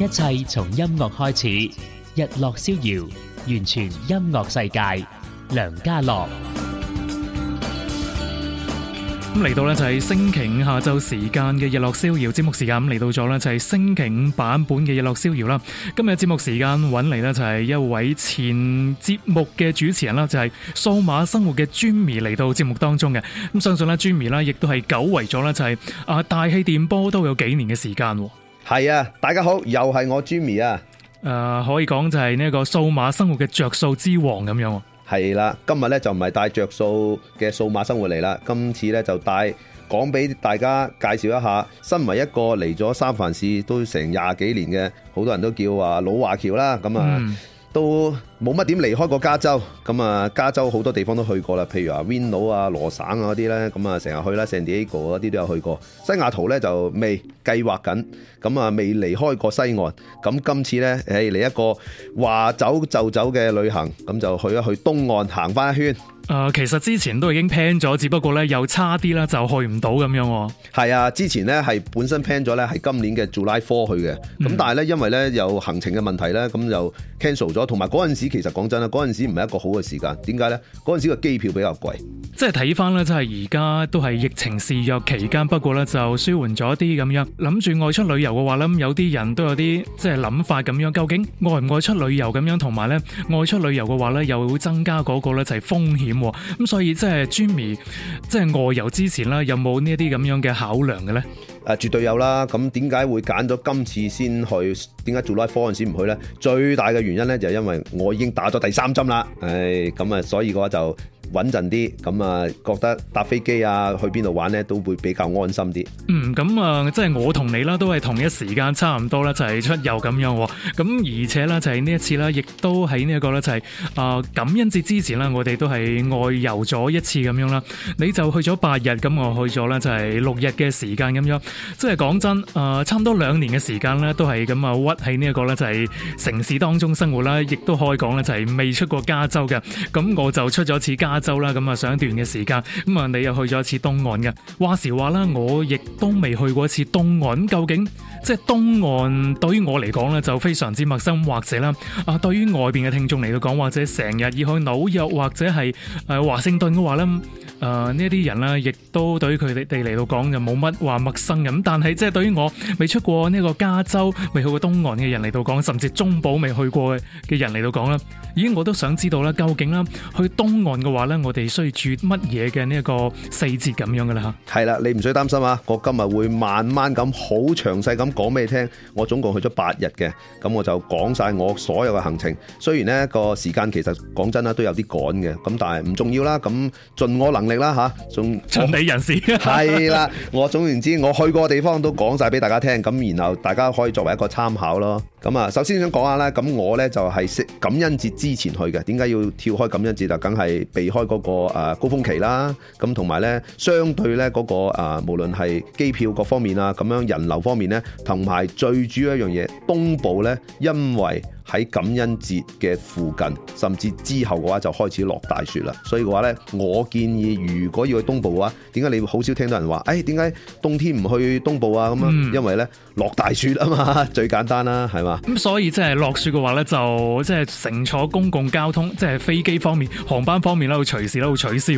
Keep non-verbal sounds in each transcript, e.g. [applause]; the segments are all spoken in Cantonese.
一切從音樂開始，日落逍遙，完全音樂世界。梁家樂，咁嚟到呢，就係星期五下晝時間嘅日落逍遙節目時間，咁嚟到咗呢就係星期五版本嘅日落逍遙啦。今日節目時間揾嚟呢，就係一位前節目嘅主持人啦，就係、是、數碼生活嘅 Jimmy 嚟到節目當中嘅。咁相信咧 Jimmy 咧亦都係久違咗呢就係啊大氣電波都有幾年嘅時間。係啊，大家好，又係我 Jimmy 啊。誒、呃，可以講就係呢個數碼生活嘅着數之王咁樣。係啦，啊，今日咧就唔係帶着數嘅數碼生活嚟啦，今次咧就帶講俾大家介紹一下。身為一個嚟咗三藩市都成廿幾年嘅，好多人都叫話老華僑啦，咁啊、嗯、都。冇乜點離開過加州，咁啊加州好多地方都去過啦，譬如話 Winlow 啊、羅省啊嗰啲咧，咁啊成日去啦，San Diego 嗰啲都有去過。西雅圖咧就未計劃緊，咁啊未離開過西岸。咁今次咧，誒嚟一個話走就走嘅旅行，咁就去一去東岸行翻一圈。誒、呃，其實之前都已經 plan 咗，只不過咧又差啲啦，就去唔到咁樣。係啊，之前咧係本身 plan 咗咧係今年嘅 July Four 去嘅，咁、嗯、但係咧因為咧有行程嘅問題咧，咁就 cancel 咗，同埋嗰陣時。其實講真啦，嗰陣時唔係一個好嘅時間，點解呢？嗰陣時嘅機票比較貴，即係睇翻呢，即係而家都係疫情肆虐期間，不過呢就舒緩咗啲咁樣。諗住外出旅遊嘅話呢，有啲人都有啲即係諗法咁樣，究竟外唔外出旅遊咁樣，同埋呢外出旅遊嘅話呢又會增加嗰個呢就係風險喎，所以即係 Jimmy 即係外遊之前呢，有冇呢一啲咁樣嘅考量嘅呢？絕對有啦，咁點解會揀咗今次先去？點解做 life insurance 唔去呢？最大嘅原因呢，就係因為我已經打咗第三針啦，誒、哎、咁所以嘅話就，穩陣啲，咁啊覺得搭飛機啊去邊度玩呢都會比較安心啲。嗯，咁啊即係我同你啦，都係同一時間差唔多啦，就係、是、出遊咁樣喎、喔。咁而且呢，就係、是、呢一次啦，亦都喺呢一個呢，就係、是、啊、呃、感恩節之前啦，我哋都係外遊咗一次咁樣啦。你就去咗八日，咁我去咗呢，就係六日嘅時間咁樣。即係講真，啊、呃、差唔多兩年嘅時間呢，都係咁啊屈喺呢一個呢，就係、是、城市當中生活啦，亦都可以講呢，就係未出過加州嘅。咁我就出咗次加。州啦，咁啊，上一段嘅時間，咁啊，你又去咗一次東岸嘅話時話啦，我亦都未去過一次東岸，究竟即係東岸對於我嚟講咧，就非常之陌生，或者啦啊，對於外邊嘅聽眾嚟到講，或者成日要去紐約，或者係誒華盛頓嘅話咧，誒、呃、呢啲人啦亦都對於佢哋嚟到講就冇乜話陌生咁，但係即係對於我未出過呢個加州，未去過東岸嘅人嚟到講，甚至中保未去過嘅嘅人嚟到講啦，已經我都想知道啦，究竟啦去東岸嘅話。我哋需要住乜嘢嘅呢個細節咁樣噶啦吓，係啦，你唔使擔心啊！我今日會慢慢咁好詳細咁講俾你聽。我總共去咗八日嘅，咁我就講晒我所有嘅行程。雖然呢個時間其實講真啦，都有啲趕嘅，咁但係唔重要啦，咁盡我能力啦吓，仲、啊、從人事。係啦。 [laughs] 我總言之，我去過嘅地方都講晒俾大家聽，咁然後大家可以作為一個參考咯。咁啊，首先想講下咧，咁我呢就係、是、感恩節之前去嘅。點解要跳開感恩節就梗係避開？嗰個誒高峰期啦，咁同埋咧，相對咧嗰個誒，無論係機票各方面啊，咁樣人流方面咧，同埋最主要一樣嘢，東部咧，因為。喺感恩節嘅附近，甚至之後嘅話就開始落大雪啦。所以嘅話呢，我建議如果要去東部嘅話，點解你好少聽到人話，誒、哎，點解冬天唔去東部啊？咁啊、嗯，因為呢，落大雪啊嘛，最簡單啦，係嘛？咁所以即係落雪嘅話呢，就即係、就是、乘坐公共交通，即、就、係、是、飛機方面、航班方面呢，會隨時咧會取消。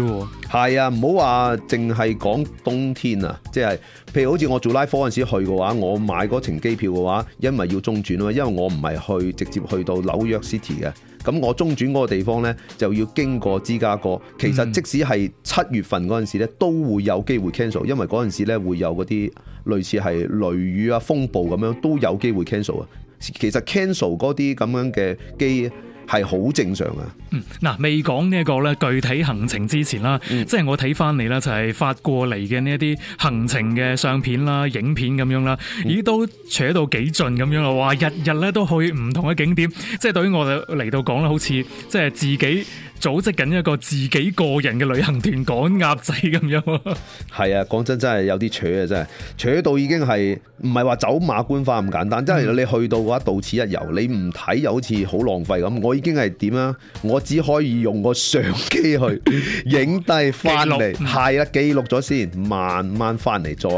係啊，唔好話淨係講冬天啊，即、就、係、是、譬如好似我做拉貨嗰陣時去嘅話，我買嗰程機票嘅話，因為要中轉啊嘛，因為我唔係去直接。去到紐約 City 嘅，咁我中轉嗰個地方呢，就要經過芝加哥。其實即使係七月份嗰陣時呢，都會有機會 cancel，因為嗰陣時呢會有嗰啲類似係雷雨啊、風暴咁樣都有機會 cancel 啊。其實 cancel 嗰啲咁樣嘅機。係好正常呀。嗯，嗱，未講呢一個咧具體行程之前啦，嗯、即係我睇翻你啦，就係發過嚟嘅呢一啲行程嘅相片啦，影片咁樣啦，咦、嗯、都扯到幾盡咁樣啦，哇！日日咧都去唔同嘅景點，即係對於我哋嚟到講咧，好似即係自己。組織緊一個自己個人嘅旅行團趕鴨仔咁樣喎，係啊！講真真係有啲扯啊！真係扯到已經係唔係話走馬觀花咁簡單？嗯、真係你去到嘅話，到此一遊，你唔睇又好似好浪費咁。我已經係點啊？我只可以用個相機去影低翻嚟，係 [laughs] 錄啊，記錄咗先，慢慢翻嚟再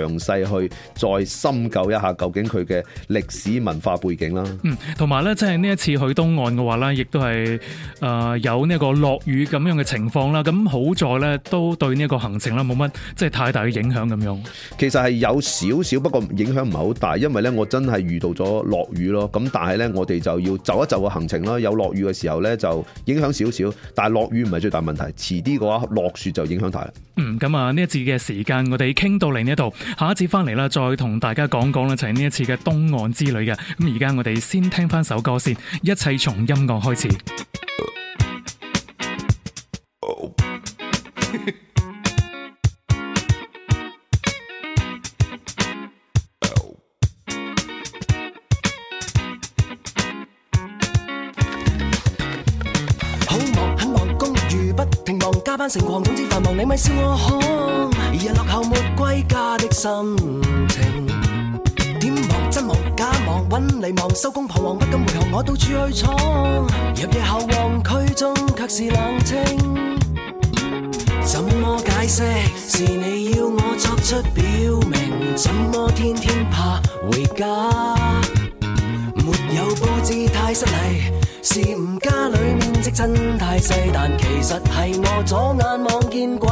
詳細去再深究一下究竟佢嘅歷史文化背景啦。嗯，同埋咧，即係呢一次去東岸嘅話咧，亦都係誒、呃、有。呢一個落雨咁樣嘅情況啦，咁好在呢都對呢一個行程啦冇乜即係太大嘅影響咁樣。其實係有少少，不過影響唔係好大，因為呢我真係遇到咗落雨咯。咁但係呢，我哋就要就一就個行程啦。有落雨嘅時候呢就影響少少，但係落雨唔係最大問題，遲啲嘅話落雪就影響大啦。嗯，咁啊呢一次嘅時間我哋傾到嚟呢度，下一次翻嚟啦再同大家講講啦，就係呢一次嘅東岸之旅嘅。咁而家我哋先聽翻首歌先，一切從音樂開始。成狂總之繁忙，你咪笑我空。日落後沒歸家的心情，點忙真忙假忙，揾你忙收工彷徨，不敢回頭，我到處去闖。入夜後望區中卻是冷清，怎麼解釋？是你要我作出表明，怎麼天天怕回家？沒有布置太失禮，是吾家裏面積真太細，但其實係我左眼望見鬼。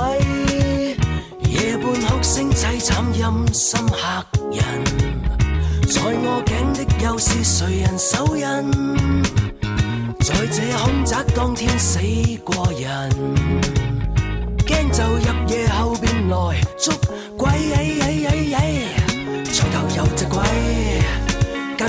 夜半哭聲凄慘，陰森嚇人，在我頸的又是誰人手印？在這凶宅當天死過人，驚就入夜後便來捉鬼。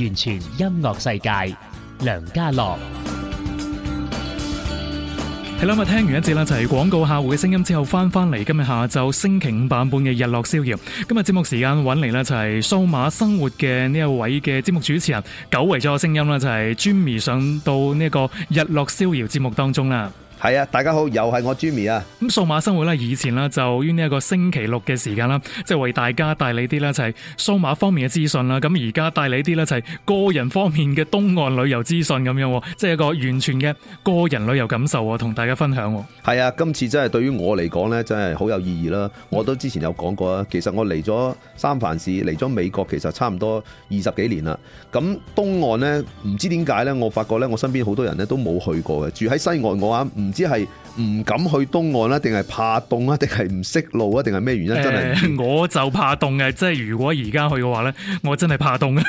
完全音樂世界，梁家樂。係啦，咪聽完一節啦，就係、是、廣告客戶嘅聲音之後，翻翻嚟。今日下晝星期五版本嘅《日落逍遙》，今日節目時間揾嚟啦，就係數碼生活嘅呢一位嘅節目主持人，久違咗個聲音啦，就係專迷上到呢、這個《日落逍遙》節目當中啦。係啊，大家好，又係我 Jimmy 啊！咁數碼生活咧，以前咧就於呢一個星期六嘅時間啦，即係為大家帶嚟啲咧就係數碼方面嘅資訊啦。咁而家帶嚟啲咧就係個人方面嘅東岸旅遊資訊咁樣，即係一個完全嘅個人旅遊感受同大家分享。係啊，今次真係對於我嚟講咧，真係好有意義啦。我都之前有講過啊，其實我嚟咗三藩市，嚟咗美國，其實差唔多二十幾年啦。咁東岸咧，唔知點解咧，我發覺咧，我身邊好多人咧都冇去過嘅，住喺西岸嘅話、啊唔知係唔敢去東岸啦，定係怕凍啊，定係唔識路啊，定係咩原因？真係、欸、我就怕凍嘅。 [laughs] 即係如果而家去嘅話呢，我真係怕凍。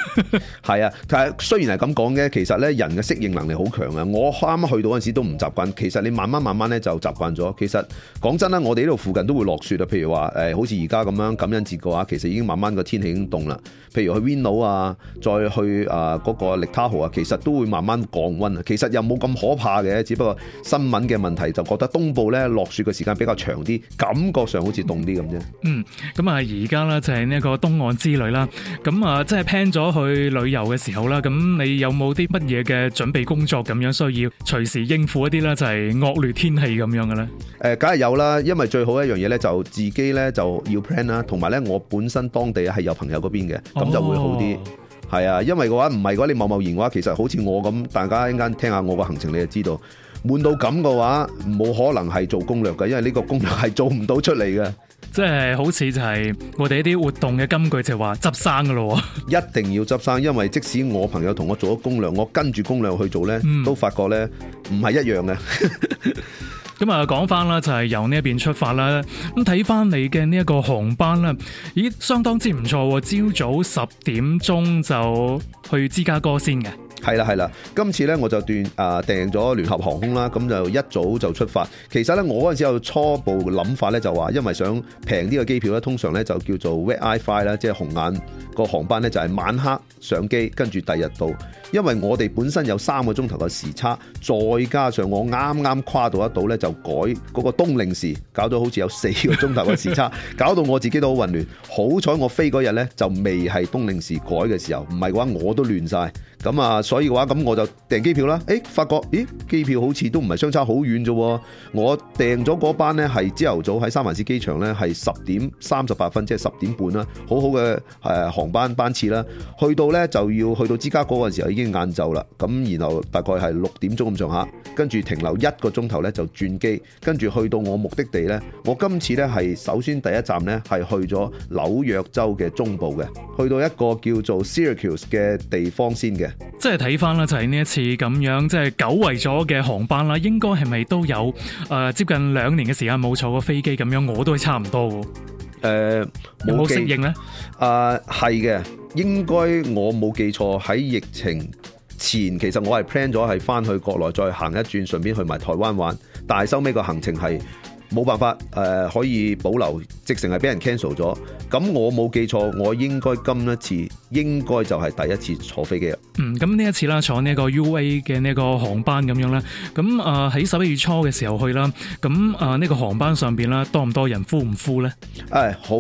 係啊，但係雖然係咁講嘅，其實呢，人嘅適應能力好強嘅。我啱啱去到嗰時候都唔習慣，其實你慢慢慢慢呢就習慣咗。其實講真啦，我哋呢度附近都會落雪啊。譬如話誒、欸，好似而家咁樣感恩節嘅話，其實已經慢慢個天氣已經凍啦。譬如去 Vinal 啊，再去啊嗰、嗰個利他河啊，其實都會慢慢降溫啊。其實又冇咁可怕嘅，只不過新聞嘅問題就覺得東部咧落雪嘅時間比較長啲，感覺上好似凍啲咁啫。嗯，咁啊而家咧就係呢一個東岸之旅啦。咁、嗯、啊即係 plan 咗去旅遊嘅時候啦。咁你有冇啲乜嘢嘅準備工作咁樣需要隨時應付一啲咧？就係惡劣天氣咁樣嘅咧？誒、嗯，梗係有啦。因為最好一樣嘢咧，就自己咧就要 plan 啦。同埋咧，我本身當地係有朋友嗰邊嘅，咁就會好啲。係、哦、啊，因為嘅話唔係如果你貿貿然嘅話，其實好似我咁，大家一陣間聽下我個行程，你就知道。悶到咁嘅話，冇可能係做攻略嘅，因為呢個攻略係做唔到出嚟嘅。即係好似就係我哋一啲活動嘅根據就係話執生㗎咯。 [laughs] 一定要執生，因為即使我朋友同我做咗攻略，我跟住攻略去做呢，嗯、都發覺呢唔係一樣嘅。咁 [laughs] 啊， [laughs] 講翻啦，就係、是、由呢一邊出發啦。咁睇翻你嘅呢一個航班啦，咦，相當之唔錯，朝早十點鐘就去芝加哥先嘅。係啦，係啦。今次呢，我就斷啊訂咗聯合航空啦，咁就一早就出發。其實呢，我嗰陣時有初步諗法呢，就話因為想平啲嘅機票呢，通常呢就叫做 red eye flight 啦，即係紅眼個航班呢，就係、是、晚黑上機，跟住第二日到。因為我哋本身有三個鐘頭嘅時差，再加上我啱啱跨到一度呢，就改嗰個冬令時，搞到好似有四個鐘頭嘅時差，搞到我自己都好混亂。好彩我飛嗰日呢，就未係冬令時改嘅時候，唔係嘅話我都亂晒。咁啊，所以嘅話咁我就訂機票啦。誒發覺咦，機票好似都唔係相差好遠啫。我訂咗嗰班咧，係朝頭早喺三藩市機場咧，係十點三十八分，即係十點半啦，好好嘅誒航班班次啦。去到咧就要去到芝加哥嗰陣時候已經晏晝啦。咁然後大概係六點鐘咁上下，跟住停留一個鐘頭咧就轉機，跟住去到我目的地咧，我今次咧係首先第一站咧係去咗紐約州嘅中部嘅，去到一個叫做 Syracuse 嘅地方先嘅。即係睇翻啦，就係、是、呢一次咁樣，即、就、係、是、久違咗嘅航班啦。應該係咪都有誒、呃、接近兩年嘅時間冇坐過飛機咁樣？我都係差唔多。誒、呃，有冇適應咧？誒、呃，係嘅，應該我冇記錯喺疫情前，其實我係 plan 咗係翻去國內再行一轉，順便去埋台灣玩。但係收尾個行程係冇辦法誒、呃、可以保留，即成係俾人 cancel 咗。咁我冇記錯，我應該今一次。應該就係第一次坐飛機。嗯，咁呢一次啦，坐呢個 UA 嘅呢個航班咁樣啦。咁啊喺十一月初嘅時候去啦，咁啊呢個航班上面啦，多唔多人，呼唔呼呢？誒、哎，好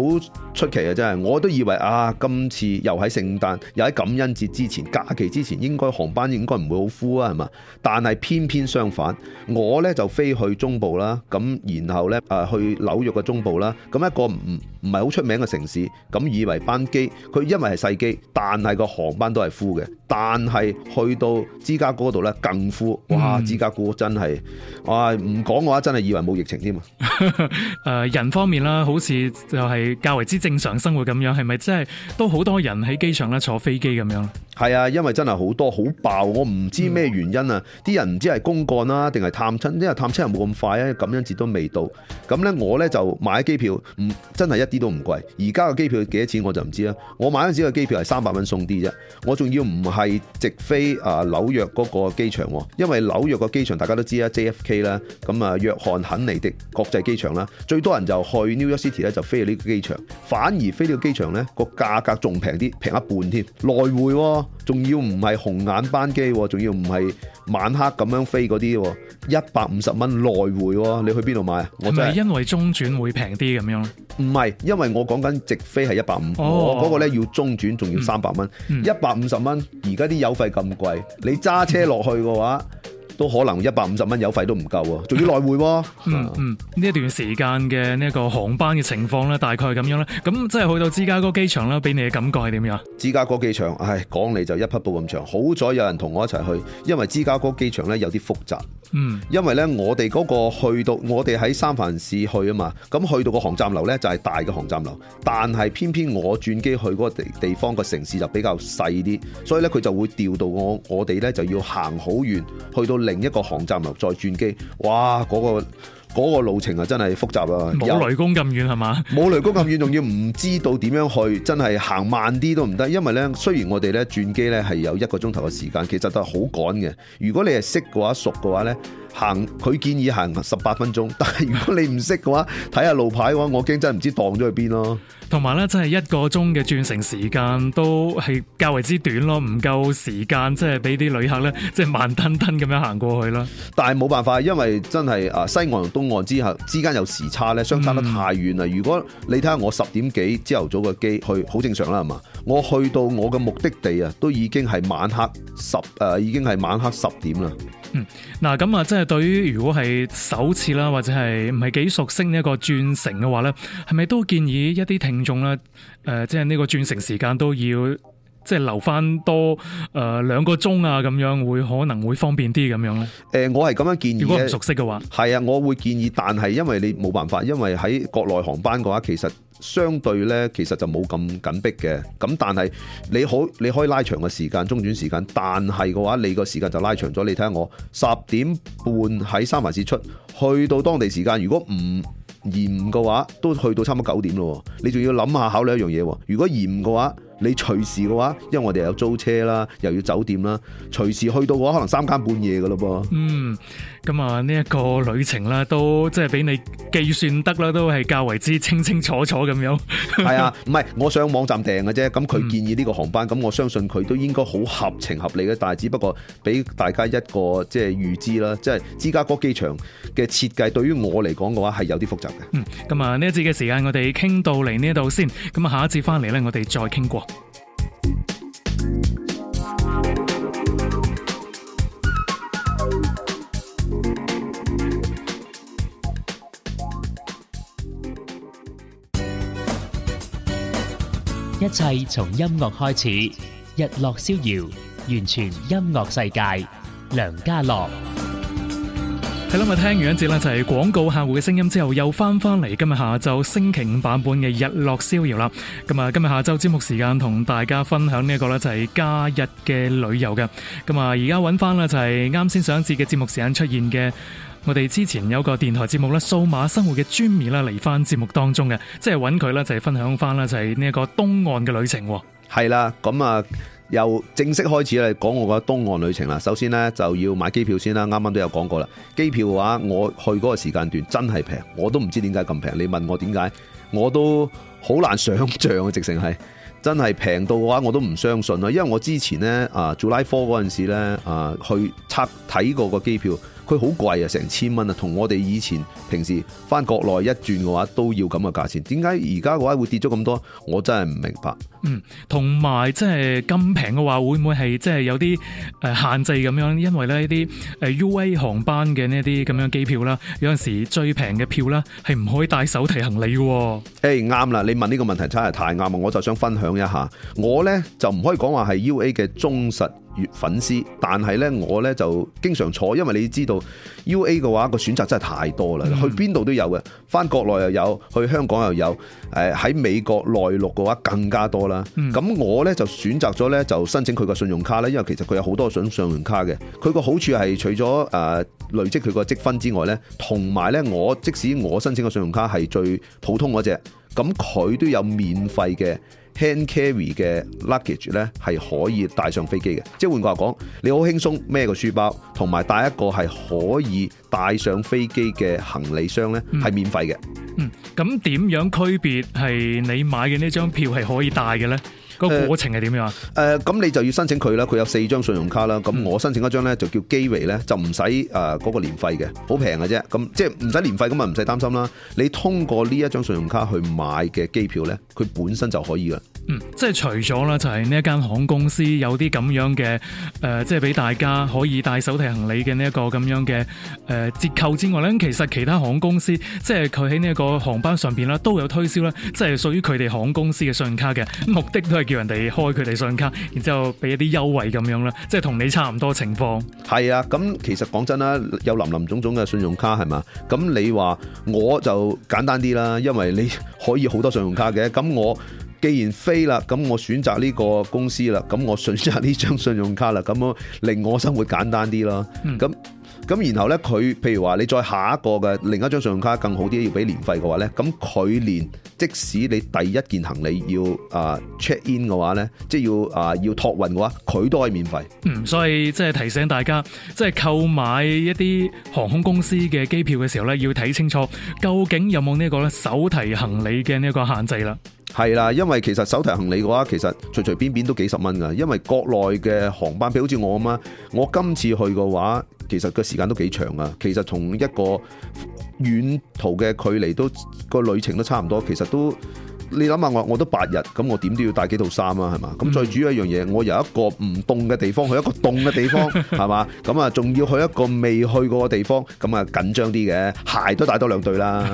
出奇啊！真係，我都以為啊，今次又喺聖誕，又喺感恩節之前，假期之前應該，應該航班應該唔會好呼啊，係嘛？但係偏偏相反，我呢就飛去中部啦，咁然後呢，啊去紐約嘅中部啦，咁一個唔唔係好出名嘅城市，咁以為班機佢因為係細機。但係個航班都係 full 嘅。但係去到芝加哥嗰度咧，近乎：「哇！嗯、芝加哥真係啊，唔講嘅話真係以為冇疫情添啊！誒人方面啦，好似就係較為之正常生活咁樣，係咪真係都好多人喺機場咧坐飛機咁樣？係啊，因為真係好多好爆，我唔知咩原因啊！啲、嗯、人唔知係公幹啦、啊，定係探親，因為探親又冇咁快啊，感恩節都未到。咁咧，我咧就買咗機票，唔真係一啲都唔貴。而家嘅機票幾多錢我就唔知啦。我買嗰陣時嘅機票係三百蚊送啲啫，我仲要唔？係直飛啊紐約嗰個機場，哦，因為紐約個機場大家都知啦，JFK 啦，咁啊，K，啊約翰肯尼迪國際機場啦，最多人就去 New York City 咧就飛去呢個機場，反而飛呢個機場呢個價格仲平啲，平一半添，來回仲要唔係紅眼班機，哦，仲要唔係晚黑咁樣飛嗰啲，哦，一百五十蚊來回，你去邊度買啊？係咪因為中轉會平啲咁樣？唔係，因為我講緊直飛係一百五，嗰個呢要中轉仲要三百蚊，一百五十蚊。嗯而家啲油費咁貴，你揸車落去嘅話。都可能一百五十蚊油費都唔夠啊！仲要來回喎、啊 [laughs] 嗯。嗯嗯，呢一段時間嘅呢個航班嘅情況咧，大概係咁樣啦。咁即係去到芝加哥機場啦，俾你嘅感覺係點樣？芝加哥機場，唉，講嚟就一匹布咁長。好彩有人同我一齊去，因為芝加哥機場呢有啲複雜。嗯，因為呢，我哋嗰個去到，我哋喺三藩市去啊嘛，咁去到個航站樓呢，就係大嘅航站樓，但係偏偏我轉機去嗰個地地方個城市就比較細啲，所以呢，佢就會調到我，我哋呢就要行好遠去到。另一個航站樓再轉機，哇！嗰個、嗰個路程啊，真係複雜啊，冇雷公咁遠係嘛？冇雷公咁遠，仲要唔知道點樣去，真係行慢啲都唔得。因為呢，雖然我哋呢轉機呢係有一個鐘頭嘅時間，其實都係好趕嘅。如果你係識嘅話，熟嘅話呢。行佢建議行十八分鐘，但係如果你唔識嘅話，睇下路牌嘅話，我驚真係唔知蕩咗去邊咯。同埋咧，真係一個鐘嘅轉乘時間都係較為之短咯，唔夠時間即係俾啲旅客咧，即係慢吞吞咁樣行過去啦。但係冇辦法，因為真係啊，西岸同東岸之後之間有時差咧，相差得太遠啦。如果你睇下我十點幾朝頭早嘅機去，好正常啦，係嘛？我去到我嘅目的地啊，都已經係晚黑十誒、呃，已經係晚黑十點啦。嗯，嗱，咁啊，即係對於如果係首次啦，或者係唔係幾熟悉呢一個轉乘嘅話咧，係咪都建議一啲聽眾咧，誒、呃，即係呢個轉乘時間都要。即係留翻多誒兩個鐘啊，咁樣會可能會方便啲咁樣咧。誒，我係咁樣建議。如果唔熟悉嘅話，係啊，我會建議。但係因為你冇辦法，因為喺國內航班嘅話，其實相對呢，其實就冇咁緊迫嘅。咁但係你好，你可以拉長個時間，中轉時間。但係嘅話，你個時間就拉長咗。你睇下我十點半喺三藩市出去到當地時間，如果唔延誤嘅話，都去到差唔多九點咯。你仲要諗下考慮一樣嘢。如果延誤嘅話，你隨時嘅話，因為我哋有租車啦，又要酒店啦，隨時去到嘅話，可能三更半夜嘅喇噃。嗯，咁啊呢一個旅程啦，都即係俾你計算得啦，都係較為之清清楚楚咁樣。係 [laughs] 啊，唔係我上網站訂嘅啫，咁佢建議呢個航班，咁、嗯、我相信佢都應該好合情合理嘅，但係只不過俾大家一個即係預知啦，即係芝加哥機場嘅設計對於我嚟講嘅話係有啲複雜嘅。嗯，咁啊呢一節嘅時間我哋傾到嚟呢度先，咁啊下一次翻嚟咧我哋再傾過。一切從音樂開始，日落逍遙，完全音樂世界，梁嘉樂。係啦，咁聽完一節咧就係、是、廣告客戶嘅聲音之後，又翻翻嚟，今日下晝星期五版本嘅日落逍遙啦。咁啊，今日下晝節目時間同大家分享呢一個咧就係假日嘅旅遊嘅。咁啊，而家揾翻啦就係啱先上一節嘅節目時間出現嘅，我哋之前有個電台節目咧數碼生活嘅專面啦嚟翻節目當中嘅，即係揾佢啦就係分享翻啦就係呢一個東岸嘅旅程。係啦，咁啊。由正式開始啦，講我個東岸旅程啦。首先呢，就要買機票先啦。啱啱都有講過啦，機票嘅話，我去嗰個時間段真係平，我都唔知點解咁平。你問我點解，我都好難想像啊，直情係真係平到嘅話，我都唔相信啦。因為我之前呢，啊，做拉科嗰陣時呢，啊、呃、去測睇過個機票。佢好貴啊，成千蚊啊，同我哋以前平時返國內一轉嘅話都要咁嘅價錢。點解而家嘅話會跌咗咁多？我真係唔明白。嗯，同埋即係咁平嘅話，會唔會係即係有啲誒限制咁樣？因為呢啲誒 UA 航班嘅呢啲咁樣機票啦，有陣時最平嘅票啦，係唔可以帶手提行李嘅。誒啱啦，你問呢個問題真係太啱啦，我就想分享一下。我呢就唔可以講話係 UA 嘅忠實粉絲，但係呢，我呢就經常坐，因為你知道 UA 嘅話個選擇真係太多啦，去邊度都有嘅，翻國內又有，去香港又有，誒、呃、喺美國內陸嘅話更加多啦。咁我呢就選擇咗呢，就申請佢個信用卡呢，因為其實佢有好多種信用卡嘅，佢個好處係除咗誒累積佢個積分之外呢，同埋呢，我即使我申請嘅信用卡係最普通嗰隻，咁佢都有免費嘅。hand carry 嘅 luggage 咧係可以帶上飛機嘅，即係換句話講，你好輕鬆孭個書包同埋帶一個係可以帶上飛機嘅行李箱咧係免費嘅。嗯。嗯，咁點樣區別係你買嘅呢張票係可以帶嘅咧？個過程係點樣啊？誒、呃，咁、呃、你就要申請佢啦。佢有四張信用卡啦。咁我申請一張咧，就叫機維咧，就唔使誒嗰個年費嘅，好平嘅啫。咁即係唔使年費咁啊，唔使擔心啦。你通過呢一張信用卡去買嘅機票咧，佢本身就可以噶。嗯，即係除咗啦，就係呢一間航空公司有啲咁樣嘅誒、呃，即係俾大家可以帶手提行李嘅呢一個咁樣嘅誒、呃、折扣之外咧，其實其他航空公司即係佢喺呢一個航班上邊啦，都有推銷啦，即、就、係、是、屬於佢哋航空公司嘅信用卡嘅目的都係。叫人哋開佢哋信用卡，然之後俾一啲優惠咁樣啦，即係同你差唔多情況。係啊，咁其實講真啦，有林林總總嘅信用卡係嘛，咁你話我就簡單啲啦，因為你可以好多信用卡嘅，咁我既然飛啦，咁我選擇呢個公司啦，咁我選擇呢張信用卡啦，咁令我，我生活簡單啲啦。咁咁、嗯、然後呢，佢譬如話你再下一個嘅另一張信用卡更好啲，要俾年費嘅話呢，咁佢連。即使你第一件行李要啊 check in 嘅話，呢即係要啊要託運嘅話，佢都係免費。嗯，所以即係提醒大家，即係購買一啲航空公司嘅機票嘅時候呢，要睇清楚究竟有冇呢個呢手提行李嘅呢個限制啦。係啦，因為其實手提行李嘅話，其實隨隨便便都幾十蚊嘅，因為國內嘅航班譬如好似我啊嘛，我今次去嘅話，其實個時間都幾長啊，其實從一個。遠途嘅距離都個旅程都差唔多，其實都你諗下我我都八日，咁我點都要帶幾套衫啊，係嘛？咁、嗯、最主要一樣嘢，我由一個唔凍嘅地方，去一個凍嘅地方，係嘛？ [laughs] 咁啊，仲要去一個未去過嘅地方，咁啊緊張啲嘅，鞋都帶多兩對啦。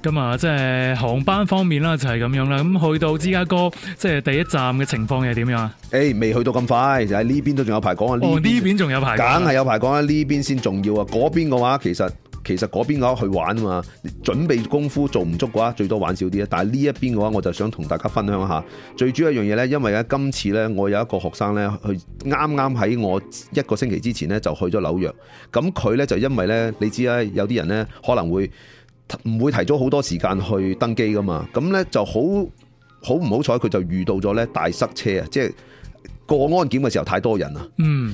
咁啊、嗯，即係航班方面啦，就係咁樣啦。咁去到芝加哥，即、就、係、是、第一站嘅情況係點樣啊？誒、欸，未去到咁快，就喺呢邊都仲有排講啊。呢呢邊仲有排講，梗係有排講啊，呢邊先重要啊。嗰邊嘅話，其實。其實嗰邊嘅話去玩啊嘛，準備功夫做唔足嘅話，最多玩少啲啊。但係呢一邊嘅話，我就想同大家分享一下，最主要一樣嘢呢，因為咧今次呢，我有一個學生呢，佢啱啱喺我一個星期之前呢，就去咗紐約，咁佢呢，就因為呢，你知啦，有啲人呢可能會唔會提早好多時間去登機噶嘛，咁呢，就好好唔好彩，佢就遇到咗呢大塞車啊，即係。過安檢嘅時候太多人啦，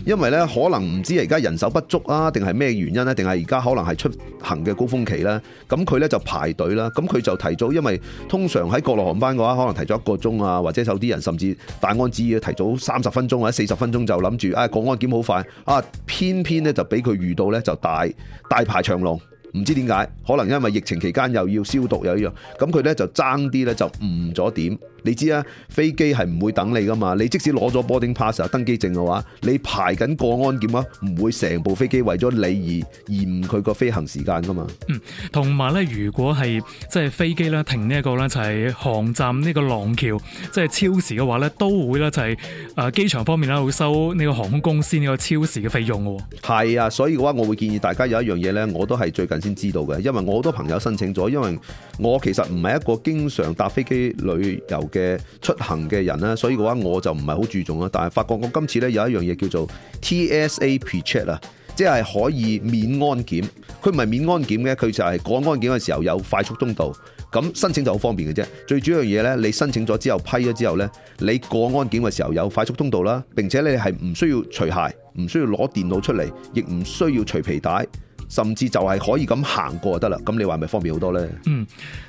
因為呢，可能唔知而家人手不足啊，定係咩原因呢？定係而家可能係出行嘅高峰期呢。咁佢呢就排隊啦，咁佢就提早，因為通常喺國內航班嘅話，可能提早一個鐘啊，或者有啲人甚至大安旨意提早三十分鐘或者四十分鐘就諗住，唉、哎，過安檢好快啊，偏偏呢就俾佢遇到呢，就大大排長龍，唔知點解，可能因為疫情期間又要消毒又一樣，咁佢呢就爭啲呢，就誤咗點。你知啊，飛機係唔會等你噶嘛？你即使攞咗 boarding pass 登機證嘅話，你排緊個安檢啊，唔會成部飛機為咗你而延誤佢個飛行時間噶嘛？嗯，同埋咧，如果係即係飛機咧停呢、這、一個咧，就係、是、航站呢個廊橋即係、就是、超時嘅話咧，都會咧就係、是、誒機場方面咧會收呢個航空公司呢個超時嘅費用嘅喎。係啊，所以嘅話，我會建議大家有一樣嘢咧，我都係最近先知道嘅，因為我好多朋友申請咗，因為我其實唔係一個經常搭飛機旅遊。嘅出行嘅人啦，所以嘅話我就唔係好注重啦。但係發覺我今次咧有一樣嘢叫做 TSA PreCheck 啊，check, 即係可以免安檢。佢唔係免安檢嘅，佢就係過安檢嘅時候有快速通道。咁申請就好方便嘅啫。最主要樣嘢咧，你申請咗之後批咗之後咧，你過安檢嘅時候有快速通道啦，並且你係唔需要除鞋，唔需要攞電腦出嚟，亦唔需要除皮帶，甚至就係可以咁行過就得啦。咁你話咪方便好多咧？嗯。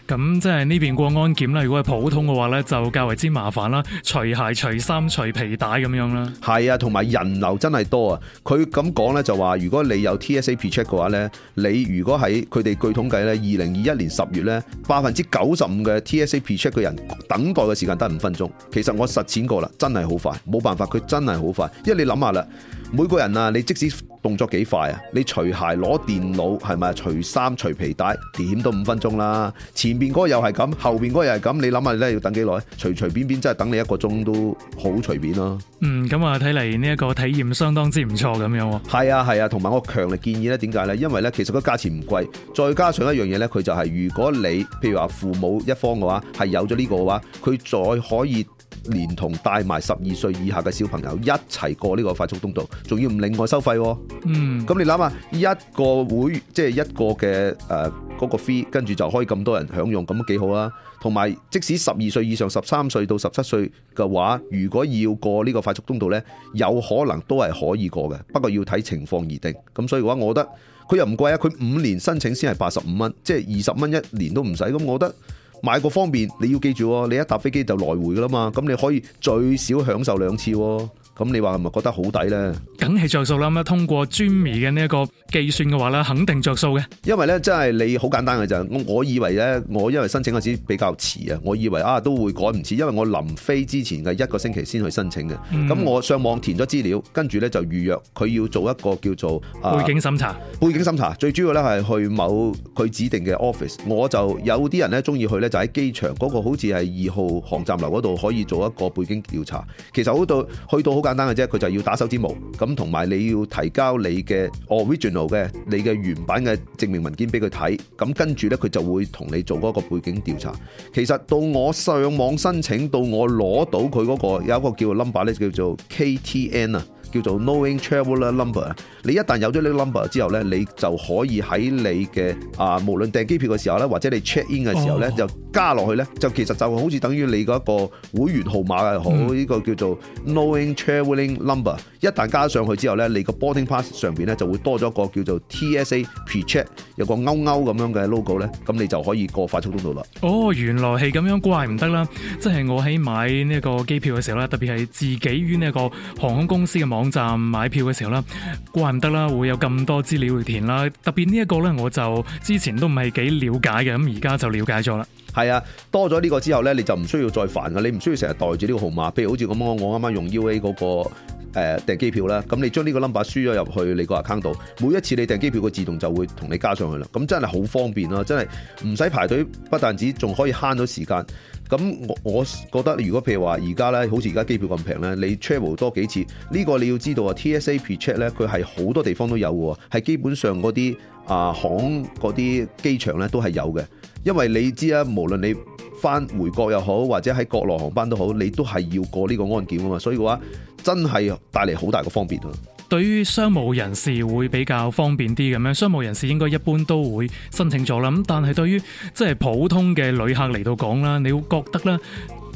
咁即係呢邊過安檢啦。如果係普通嘅話呢，就較為之麻煩啦。除鞋、除衫、除皮帶咁樣啦。係啊，同埋人流真係多啊。佢咁講呢，就話，如果你有 TSA Pre-Check 嘅話呢，你如果喺佢哋據統計呢，二零二一年十月呢，百分之九十五嘅 TSA Pre-Check 嘅人等待嘅時間得五分鐘。其實我實踐過啦，真係好快，冇辦法，佢真係好快。因為你諗下啦，每個人啊，你即使動作幾快啊，你除鞋攞電腦係咪除衫除皮帶，點都五分鐘啦，前。前邊嗰個又係咁，後邊嗰個又係咁，你諗下咧要等幾耐？隨隨便便真係等你一個鐘都好隨便咯，啊。嗯，咁啊睇嚟，呢一個體驗相當之唔錯咁樣喎。係啊係啊，同埋、啊、我強烈建議咧，點解呢？因為呢，其實個價錢唔貴，再加上一樣嘢呢，佢就係如果你譬如話父母一方嘅話，係有咗呢個嘅話，佢再可以。連同帶埋十二歲以下嘅小朋友一齊過呢個快速通道，仲要唔另外收費喎？嗯，咁你諗下，一個會，即係一個嘅，呃，嗰個 fee，跟住就可以咁多人享用，咁幾好啊！同埋即使十二歲以上、十三歲到十七歲嘅話，如果要過呢個快速通道呢，有可能都係可以過嘅，不過要睇情況而定。咁所以嘅話，我覺得佢又唔貴啊！佢五年申請先係八十五蚊，即係二十蚊一年都唔使。咁我覺得。買個方便，你要記住喎，你一搭飛機就來回㗎喇嘛，咁你可以最少享受兩次喎。咁你話係咪覺得好抵呢？梗係着數啦！咁啊，通過 JIMMY 嘅呢一個計算嘅話呢，肯定着數嘅。因為呢真係你好簡單嘅就我以為呢，我因為申請嗰時比較遲啊，我以為啊都會趕唔切，因為我臨飛之前嘅一個星期先去申請嘅。咁、嗯、我上網填咗資料，跟住呢就預約佢要做一個叫做、啊、背景審查。背景審查最主要呢係去某佢指定嘅 office。我就有啲人呢中意去呢，就喺機場嗰、嗰個好似係二號航站樓嗰度可以做一個背景調查。其實好到去到好簡單嘅啫，佢就要打手指模，咁同埋你要提交你嘅 original 嘅，你嘅原版嘅證明文件俾佢睇，咁跟住咧佢就會同你做嗰個背景調查。其實到我上網申請，到我攞到佢嗰個有一個叫 number 咧叫做 KTN 啊。叫做 Knowing Traveler Number，你一旦有咗呢個 number 之後咧，你就可以喺你嘅啊，無論訂機票嘅時候咧，或者你 check in 嘅時候咧，oh. 就加落去咧，就其實就好似等於你嗰個會員號碼好，呢、mm. 個叫做 Knowing Traveling Number，一旦加上去之後咧，你個 boarding pass 上邊咧就會多咗一個叫做 TSA Precheck 有個勾勾咁樣嘅 logo 咧，咁你就可以過快速通道啦。哦，原來係咁樣，怪唔得啦，即係我喺買呢個機票嘅時候咧，特別係自己於呢個航空公司嘅網。網站買票嘅時候啦，怪唔得啦，會有咁多資料去填啦。特別呢一個咧，我就之前都唔係幾了解嘅，咁而家就了解咗啦。係啊，多咗呢個之後咧，你就唔需要再煩啦，你唔需要成日袋住呢個號碼。譬如好似咁，我啱啱用 UA 嗰個誒訂機票啦，咁你將呢個 number 輸咗入去你個 account 度，每一次你訂機票，佢自動就會同你加上去啦。咁真係好方便咯，真係唔使排隊，不但止，仲可以慳到時間。咁我我覺得如果譬如話而家咧，好似而家機票咁平咧，你 travel 多幾次呢、呢個你要知道啊，TSA Pre Check 咧，佢係好多地方都有喎，係基本上嗰啲啊行嗰啲機場咧都係有嘅，因為你知啊，無論你翻回，回國又好，或者喺國內航班都好，你都係要過呢個安檢啊嘛，所以嘅話真係帶嚟好大嘅方便啊！對於商務人士會比較方便啲咁樣，商務人士應該一般都會申請咗啦。咁但係對於即係普通嘅旅客嚟到講啦，你會覺得啦，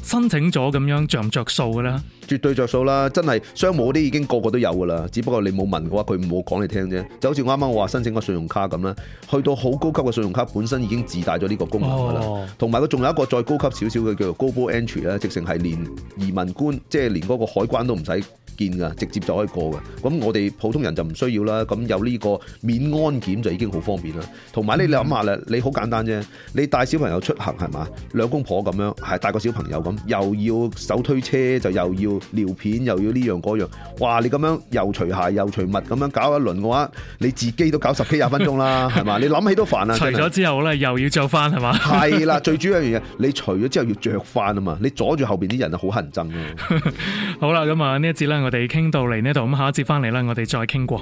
申請咗咁樣着唔着數嘅咧？絕對着數啦，真係商務嗰啲已經個個都有噶啦。只不過你冇問嘅話，佢唔好講你聽啫。就好似啱啱我話申請個信用卡咁啦，去到好高級嘅信用卡本身已經自帶咗呢個功能噶啦，同埋佢仲有一個再高級少少嘅叫做 Global Entry 啦，直成係連移民官即係連嗰個海關都唔使見噶，直接就可以過噶。咁我哋普通人就唔需要啦。咁有呢個免安檢就已經好方便啦。同埋你諗下啦，你好簡單啫。你帶小朋友出行係嘛，兩公婆咁樣，係帶個小朋友咁，又要手推車，就又要尿片，又要呢樣嗰樣。哇，你咁樣又除鞋又除襪咁樣搞一輪嘅話，你自己都搞十幾廿分鐘啦，係嘛？ [laughs] 你諗起都煩啊！除咗之後咧，的又要着翻係嘛？係啦， [laughs] 最主要一樣嘢，你除咗之後要着翻啊嘛。你阻住後邊啲人啊，好恨憎啊！ [laughs] 好啦，咁啊呢一次啦。我哋傾到嚟呢度，咁下一節返嚟啦，我哋再傾過。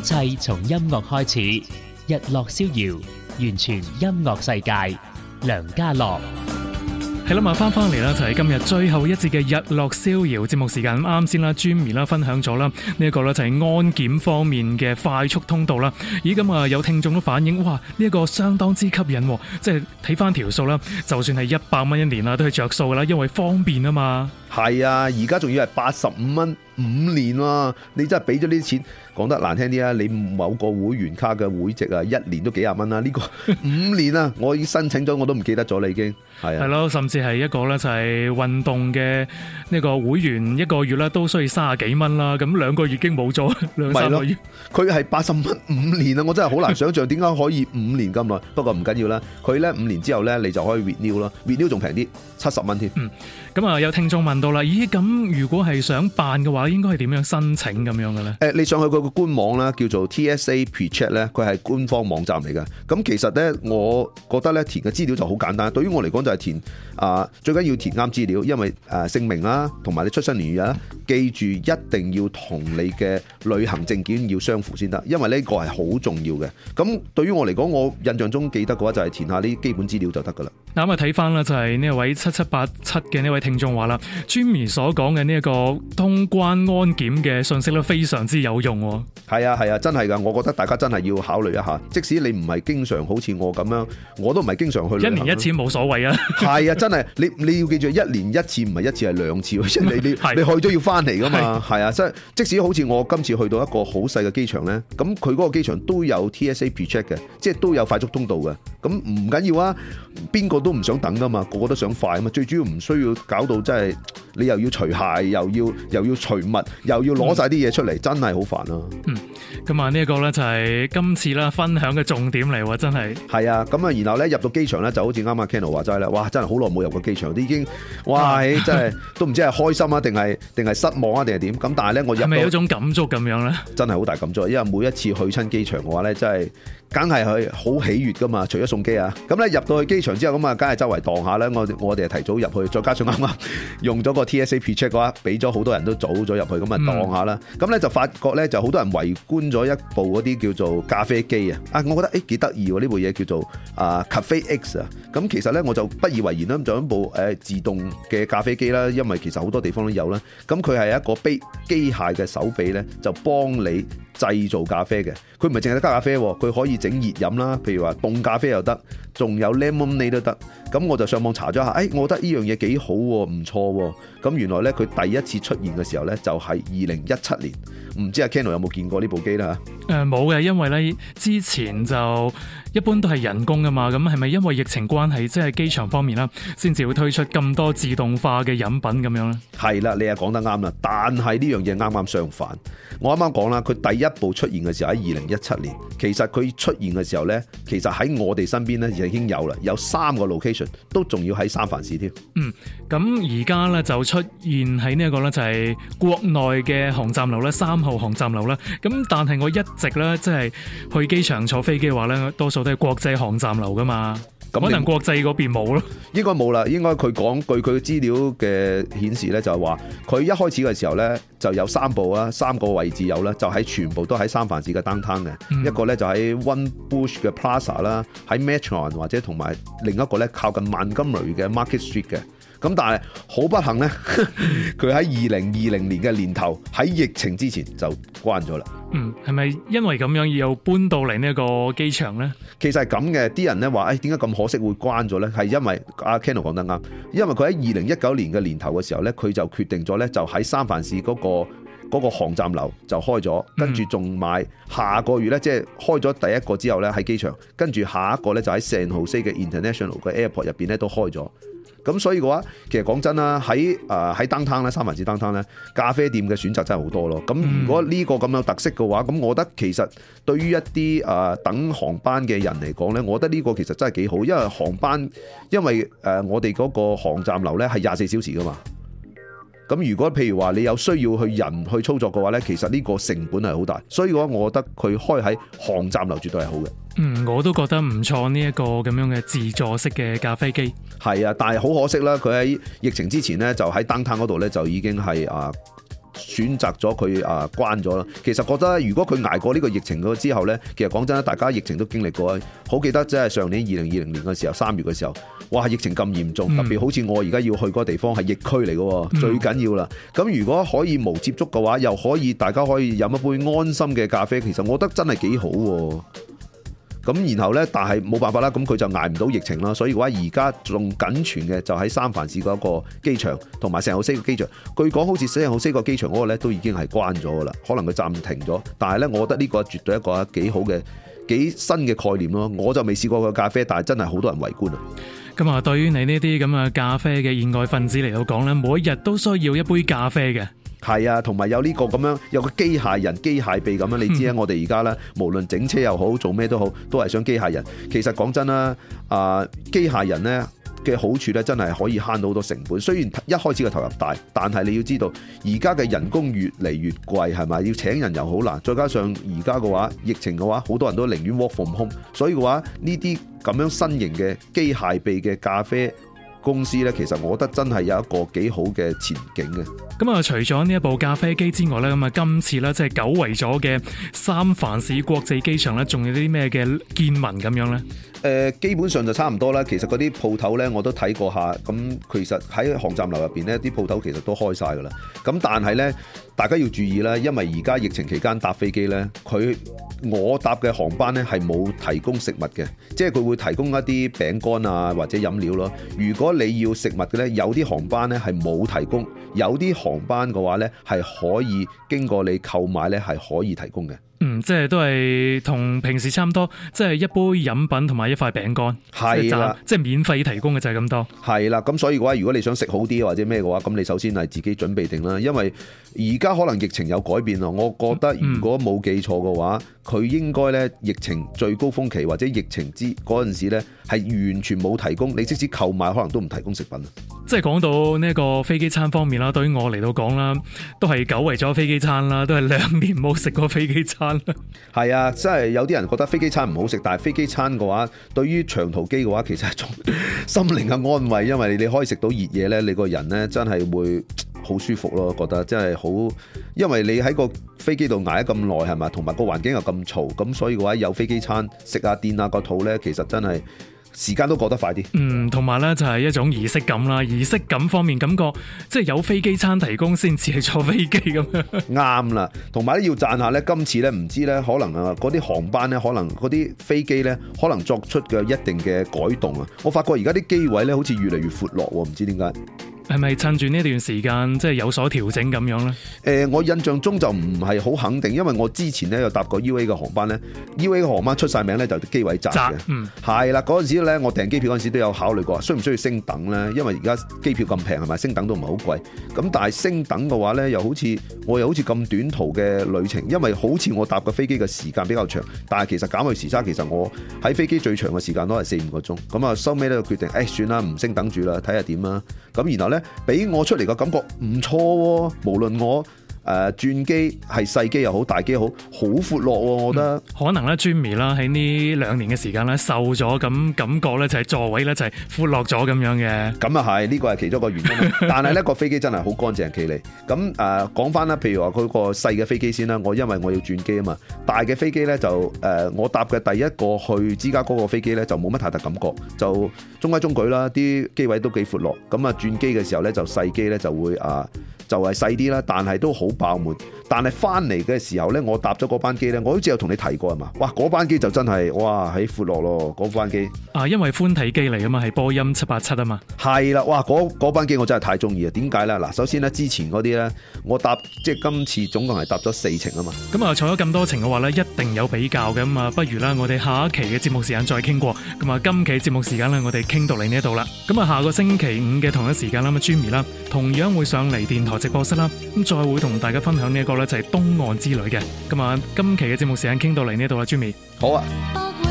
一切從音樂開始，日落逍遙，完全音樂世界。梁嘉樂，係啦，咁啊翻翻嚟啦，就係、是、今日最後一節嘅日落逍遙節目時間。啱先啦，Jimmy 啦分享咗啦呢一個咧就係安檢方面嘅快速通道啦。咦，咁、嗯、啊有聽眾都反映，哇，呢、這、一個相當之吸引，即係睇翻條數啦，就算係一百蚊一年啦，都係着數啦，因為方便啊嘛。係啊，而家仲要係八十五蚊五年啊！你真係俾咗呢啲錢，講得難聽啲啊，你某個會員卡嘅會籍啊，一年都幾十蚊啦、啊，呢、這個五年啊， [laughs] 我已經申請咗，我都唔記得咗你已經，係啊。係咯，甚至係一個咧就係運動嘅呢個會員，一個月咧都需要三十幾蚊啦，咁兩個月已經冇咗兩三個月。佢係八十蚊五年啊，我真係好難想象點解可以五年咁耐。不過唔緊要啦，佢咧五年之後咧，你就可以 renew 啦，renew 仲平啲，七十蚊添。咁啊，有聽眾問到啦，咦，咁如果係想辦嘅話，應該係點樣申請咁樣嘅咧？誒，你上去嗰個官網啦，叫做 TSA PreCheck 咧，佢係官方網站嚟嘅。咁其實咧，我覺得咧，填嘅資料就好簡單。對於我嚟講，就係填啊，最緊要填啱資料，因為誒姓名啦，同埋你出生年月啊，記住一定要同你嘅旅行證件要相符先得，因為呢個係好重要嘅。咁對於我嚟講，我印象中記得嘅話，就係填下啲基本資料就得噶啦。嗱咁啊，睇翻啦，就係呢位七七八七嘅呢位。聽眾話啦，Jimmy 所講嘅呢一個通關安檢嘅信息咧，非常之有用。係啊，係啊，是真係噶，我覺得大家真係要考慮一下。即使你唔係經常好似我咁樣，我都唔係經常去旅行，一年一次冇所謂啊。係 [laughs] 啊，真係你你要記住，一年一次唔係一次係兩次， [laughs] 你是你去咗要翻嚟噶嘛。係啊是，即係是即使好似我今次去到一個好細嘅機場咧，咁佢嗰個機場都有 TSA PreCheck 嘅，即係都有快速通道嘅。咁唔緊要啊，邊個都唔想等噶嘛，個個都想快啊嘛。最主要唔需要。搞到真係你又要除鞋，又要又要除襪，又要攞晒啲嘢出嚟，嗯、真係好煩啊！嗯，咁啊呢一個咧就係今次啦，分享嘅重點嚟喎，真係。係啊，咁啊，然後咧入到機場咧就好似啱啱 Kenny 話齋啦，哇！真係好耐冇入過機場，都已經，哇！ [laughs] 真係都唔知係開心啊，定係定係失望啊，定係點？咁但係咧，我入都係一種感觸咁樣咧，真係好大感觸，因為每一次去親機場嘅話咧，真係。梗係佢好喜悅噶嘛，除咗送機啊，咁咧入到去機場之後，咁啊，梗係周圍蕩下咧。我我哋係提早入去，再加上啱啱用咗個 TSA P check 嘅話，俾咗好多人都早咗入去，咁啊蕩下啦。咁咧、嗯、就發覺咧，就好多人圍觀咗一部嗰啲叫做咖啡機啊。啊，我覺得誒幾得意喎，呢、欸、部嘢叫做啊 Cafe X 啊。咁其實咧，我就不以為然啦。就一部誒自動嘅咖啡機啦，因為其實好多地方都有啦。咁佢係一個機械嘅手臂咧，就幫你，製造咖啡嘅，佢唔係淨係加咖啡，佢可以整熱飲啦，譬如話凍咖啡又得，仲有 l e 奶檬呢都得。咁我就上網查咗下，誒、哎，我覺得呢樣嘢幾好喎，唔錯喎。咁原來呢，佢第一次出現嘅時候呢，就係二零一七年。唔知阿 Ken n 有冇見過呢部機啦？誒、呃，冇嘅，因為呢之前就。一般都係人工噶嘛，咁係咪因為疫情關係，即係機場方面啦，先至會推出咁多自動化嘅飲品咁樣咧？係啦，你又講得啱啦，但係呢樣嘢啱啱相反，我啱啱講啦，佢第一部出現嘅時候喺二零一七年，其實佢出現嘅時候咧，其實喺我哋身邊咧就已經有啦，有三個 location 都仲要喺三藩市添。嗯，咁而家咧就出現喺呢一個咧就係國內嘅航站樓咧，三號航站樓啦。咁但係我一直咧即係去機場坐飛機嘅話咧，多數。我哋國際航站樓噶嘛，咁你可能國際嗰邊冇咯？應該冇啦。應該佢講據佢資料嘅顯示咧，就係話佢一開始嘅時候咧，就有三部啦，三個位置有啦，就喺全部都喺三藩市嘅 downtown 嘅，一個咧就喺 One Bush 嘅 Plaza 啦，喺 Metron 或者同埋另一個咧靠近萬金雷嘅 Market Street 嘅。咁但係好不幸呢，佢喺二零二零年嘅年頭喺疫情之前就關咗啦。嗯，係咪因為咁樣要搬到嚟呢個機場呢？其實係咁嘅，啲人呢話，誒點解咁可惜會關咗呢？係因為阿、啊、Kano 講得啱，因為佢喺二零一九年嘅年頭嘅時候呢，佢就決定咗呢，就喺三藩市嗰、嗰個嗰航、嗰個、站樓就開咗，跟住仲買下個月呢，即係開咗第一個之後呢，喺機場，跟住下一個呢，就喺聖何塞嘅 International 嘅 Airport 入面呢，都開咗。咁所以嘅話，其實講真啦，喺誒喺 Downtown 咧，呃、Downtown，三藩市 Downtown 咧，咖啡店嘅選擇真係好多咯。咁如果呢個咁有特色嘅話，咁我覺得其實對於一啲誒、呃、等航班嘅人嚟講咧，我覺得呢個其實真係幾好，因為航班因為誒、呃、我哋嗰個航站樓咧係廿四小時噶嘛。咁如果譬如話你有需要去人去操作嘅話呢，其實呢個成本係好大，所以嘅話我覺得佢開喺航站樓絕對係好嘅。嗯，我都覺得唔錯呢一個咁樣嘅自助式嘅咖啡機。係啊，但係好可惜啦，佢喺疫情之前呢，就喺 downtown 嗰度呢，就已經係啊。選擇咗佢啊，關咗啦，其實覺得如果佢捱過呢個疫情之後呢，其實講真，大家疫情都經歷過，好記得即係上年二零二零年嘅時候三月嘅時候，哇疫情咁嚴重，嗯、特別好似我而家要去嗰個地方係疫區嚟嘅，最緊要啦。咁、嗯、如果可以無接觸嘅話，又可以大家可以飲一杯安心嘅咖啡，其實我覺得真係幾好啊。咁然後呢，但係冇辦法啦，咁佢就捱唔到疫情啦。所以嘅話，而家仲僅存嘅就喺三藩市嗰個機場，同埋聖荷西個機場。據講好似聖荷西個機場嗰個呢都已經係關咗噶啦，可能佢暫停咗。但係呢，我覺得呢個絕對一個幾好嘅幾新嘅概念咯。我就未試過個咖啡，但係真係好多人圍觀啊！咁啊，對於你呢啲咁嘅咖啡嘅熱愛分子嚟到講呢，每一日都需要一杯咖啡嘅。係啊，同埋有呢個咁樣有個機械人、機械臂咁樣，你知啊？我哋而家咧，無論整車又好做咩都好，都係想機械人。其實講真啦，啊機械人呢嘅好處呢，真係可以慳到好多成本。雖然一開始嘅投入大，但係你要知道，而家嘅人工越嚟越貴，係咪？要請人又好難，再加上而家嘅話疫情嘅話，好多人都寧願 work from home，所以嘅話呢啲咁樣新型嘅機械臂嘅咖啡，公司咧，其實我覺得真係有一個幾好嘅前景嘅。咁啊、嗯，除咗呢一部咖啡機之外咧，咁啊今次咧，即係久違咗嘅三藩市國際機場咧，仲有啲咩嘅見聞咁樣咧？誒、呃、基本上就差唔多啦。其實嗰啲鋪頭咧，我都睇過下。咁、嗯、其實喺航站樓入邊呢啲鋪頭其實都開晒噶啦。咁、嗯、但係咧，大家要注意啦，因為而家疫情期間搭飛機咧，佢我搭嘅航班咧係冇提供食物嘅，即係佢會提供一啲餅乾啊或者飲料咯。如果如果你要食物嘅咧，有啲航班咧係冇提供，有啲航班嘅話咧係可以經過你購買咧係可以提供嘅。嗯，即係都係同平時差唔多，即係一杯飲品同埋一塊餅乾，係啦，即係免費提供嘅就係咁多。係啦，咁所以嘅話，如果你想食好啲或者咩嘅話，咁你首先係自己準備定啦。因為而家可能疫情有改變咯，我覺得如果冇記錯嘅話，佢，嗯，應該呢疫情最高峰期或者疫情之嗰陣時呢，係完全冇提供，你即使購買可能都唔提供食品。即係講到呢個飛機餐方面啦，對於我嚟到講啦，都係久違咗飛機餐啦，都係兩年冇食過飛機餐。係啊，真係有啲人覺得飛機餐唔好食，但係飛機餐嘅話，對於長途機嘅話，其實係種心靈嘅安慰，因為你可以食到熱嘢咧，你個人咧真係會好舒服咯，覺得真係好，因為你喺個飛機度挨咗咁耐係嘛，同埋個環境又咁嘈，咁所以嘅話有飛機餐食下墊下個肚呢，其實真係。時間都過得快啲，嗯，同埋呢就係一種儀式感啦，儀式感方面感覺即係、就是、有飛機餐提供先至係坐飛機咁，啱 [laughs] 啦，同埋咧要讚下呢，今次呢唔知呢，可能啊嗰啲航班呢，可能嗰啲飛機呢，可能作出嘅一定嘅改動啊，我發覺而家啲機位呢，好似越嚟越闊落，唔知點解。係咪趁住呢段時間即係有所調整咁樣呢？誒、呃，我印象中就唔係好肯定，因為我之前咧有搭過 UA 嘅航班呢，UA 嘅航班出晒名咧就機位窄嘅，嗯，係啦，嗰陣時咧我訂機票嗰陣時都有考慮過，需唔需要升等呢？因為而家機票咁平係咪升等都唔係好貴，咁但係升等嘅話呢，又好似我又好似咁短途嘅旅程，因為好似我搭個飛機嘅時間比較長，但係其實減去時差，其實我喺飛機最長嘅時間都係四五個鐘，咁啊收尾呢就決定誒、哎，算啦，唔升等住啦，睇下點啦，咁然後呢。俾我出嚟嘅感覺唔錯喎，無論我。誒，轉機係細機又好，大機好好闊落，啊，我覺得、嗯、可能咧，Jimmy 啦喺呢兩年嘅時間咧瘦咗，咁感覺咧就係座位咧就係闊落咗咁樣嘅。咁啊係，呢個係其中一個原因。 [laughs] 但係呢個飛機真係好乾淨企理咁，誒，講翻啦，譬如話佢個細嘅飛機先啦，我因為我要轉機啊嘛。大嘅飛機咧就誒、呃，我搭嘅第一個去芝加哥個飛機咧就冇乜太大感覺，就中規中矩啦，啲機位都幾闊落。咁啊轉機嘅時候咧就細機咧就會啊就係細啲啦，但係都好。爆滿，但係翻嚟嘅時候咧，我搭咗嗰班機咧，我好似有同你提過啊嘛。哇，嗰班機就真係，哇喺闊落咯，嗰班機啊，因為寬體機嚟啊嘛，係波音七八七啊嘛，係啦，哇，嗰班機我真係太中意啊！點解咧？嗱，首先咧，之前嗰啲咧，我搭即係今次總共係搭咗四程啊嘛。咁啊，坐咗咁多程嘅話咧，一定有比較嘅。咁啊，不如啦，我哋下一期嘅節目時間再傾過。咁啊，今期節目時間咧，我哋傾到嚟呢一度啦。咁啊，下個星期五嘅同一時間啦，阿 Jimmy 啦，同樣會上嚟電台直播室啦，咁再會同。大家分享呢一個咧就係東岸之旅嘅，今晚今期嘅節目時間傾到嚟呢度喇，Jimmy 好啊。